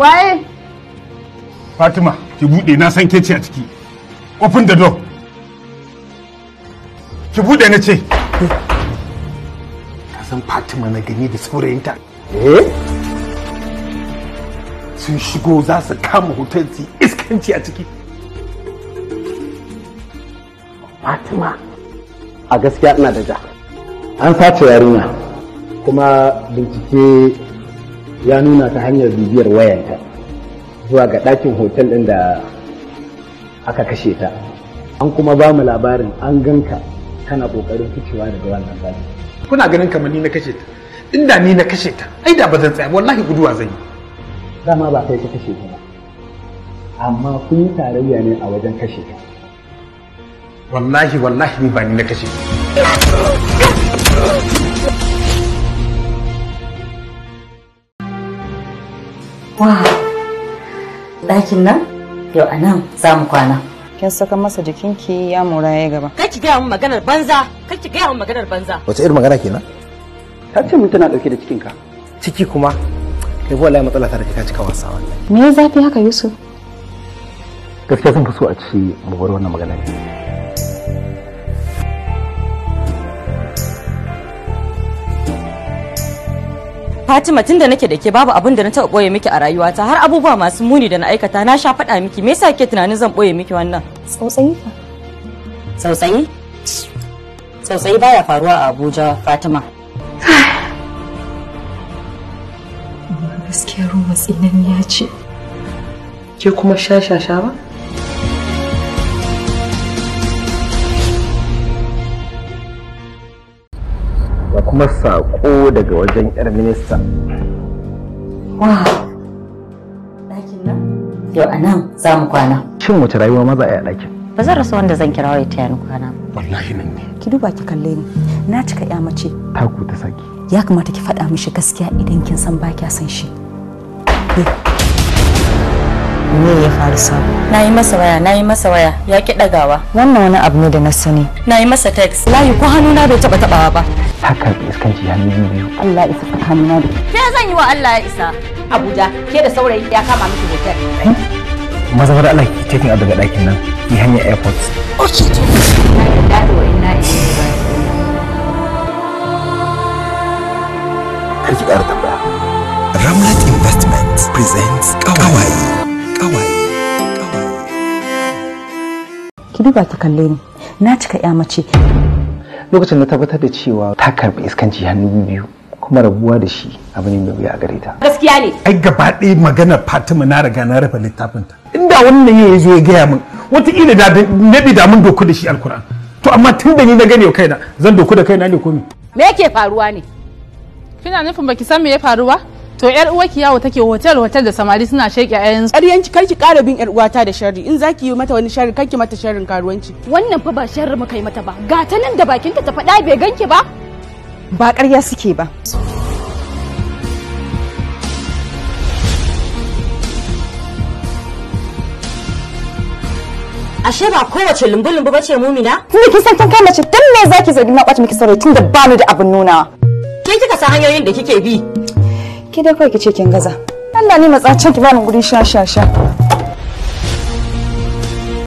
waye fatima ki bude na san ke ce a ciki open the door ki bude na ce ka san fatima na gani da saurayinta eh sun shigo za su kama hotel su iskanci a ciki fatima a gaskiya ina da ja an sace yarinya kuma bincike ya nuna ta hanyar bibiyar wayanta zuwa ga ɗakin hotel ɗin da aka kashe ta an kuma ba mu labarin an ganka kana ƙoƙarin ficewa daga wannan gadi kuna ganin kamar ni na kashe ta inda ni na kashe ta ai da ba zan tsaya wallahi guduwa zan yi dama ba kai ka kashe ta ba amma kun tarayya ne a wajen kashe ta wallahi wallahi ni ba ni na kashe ta wow ɗakin nan yau a nan za mu kwana kin saka masa jikinki ya mura ya gaba kai ki gaya mu maganar banza kai ki gaya mu maganar banza wace irin magana kenan ta ce mun tana dauke da cikinka ciki kuma kai wallahi matsala ta da kika cika wasa wannan me ya zafi haka yusuf gaskiya zan fi so a ci mu bar wannan magana Fatima tunda nake da ke babu abin da na taɓa ɓoye miki a rayuwata har abubuwa masu muni da na aikata na sha faɗa miki me yasa kike tunanin zan ɓoye miki wannan? Tsautsayi fa. Tsautsayi? Tsautsayi baya faruwa a Abuja Fatima. Gaskiya ruwa tsinaniya ce. Ke kuma sha sha sha ba? da kuma sako daga wajen 'yar minista. dakin nan? Yau a nan za mu kwana. Shin wace rayuwa maza a ɗakin? Ba zan rasa wanda zan kirawo ya taya ni kwana. Wallahi nan ne. Ki duba ki kalle ni. Na cika ya mace. Taku ta saki. Ya kamata ki faɗa mishi gaskiya idan kin san ba kya san shi. me ya faru sabo na yi masa waya na yi masa waya ya ki ɗagawa wannan wani abu ne da na sani na yi masa text layi ko na bai taɓa taɓawa ba saka iskanci hannu biyu Allah isa na da ke zan yi wa Allah ya isa Abuja ke da saurayi ya kama miki hotel maza fara Allah ki taking out daga ɗakin nan ki hanyar airport okay to na da wa ina ka ji ƙara tambaya Ramlat Investments presents Kawai Kawai Kawai Ki duba ta kalle ni na cika ya mace lokacin na tabbatar da cewa ta karbi iskanci hannu biyu kuma rabuwa da shi abu ne mai wuya a gare ta gaskiya ne ai gaba ɗaya maganar fatima na riga na rufe littafin ta inda wannan ya zo ya gaya min ila da nabi da mun doku da shi alkur'an to amma tun da ni na gane kaina zan doku da kaina ne ko me me yake faruwa ne kina nufin baki san me ya faru ba to yar uwa ki yawo take hotel hotel da samari suna sheke ayan yar yanki kar ki ƙara bin yar uwata da sharri in zaki yi mata wani sharri kar ki mata sharrin karuwanci wannan fa ba sharri muka yi mata ba ga ta nan da bakin ta ta faɗa bai ganki ba ba ƙarya suke ba ashe ba kowace lumbu-lumbu bace mumina? Tun da kisan kan kai mace dan me zaki zargi na kwace miki sarai tun da ba ni da abin nuna. Ke kika san hanyoyin da kike bi? Ki dai kawai ki ce kin gaza. Allah ne matsacin ki ni guri sha sha sha.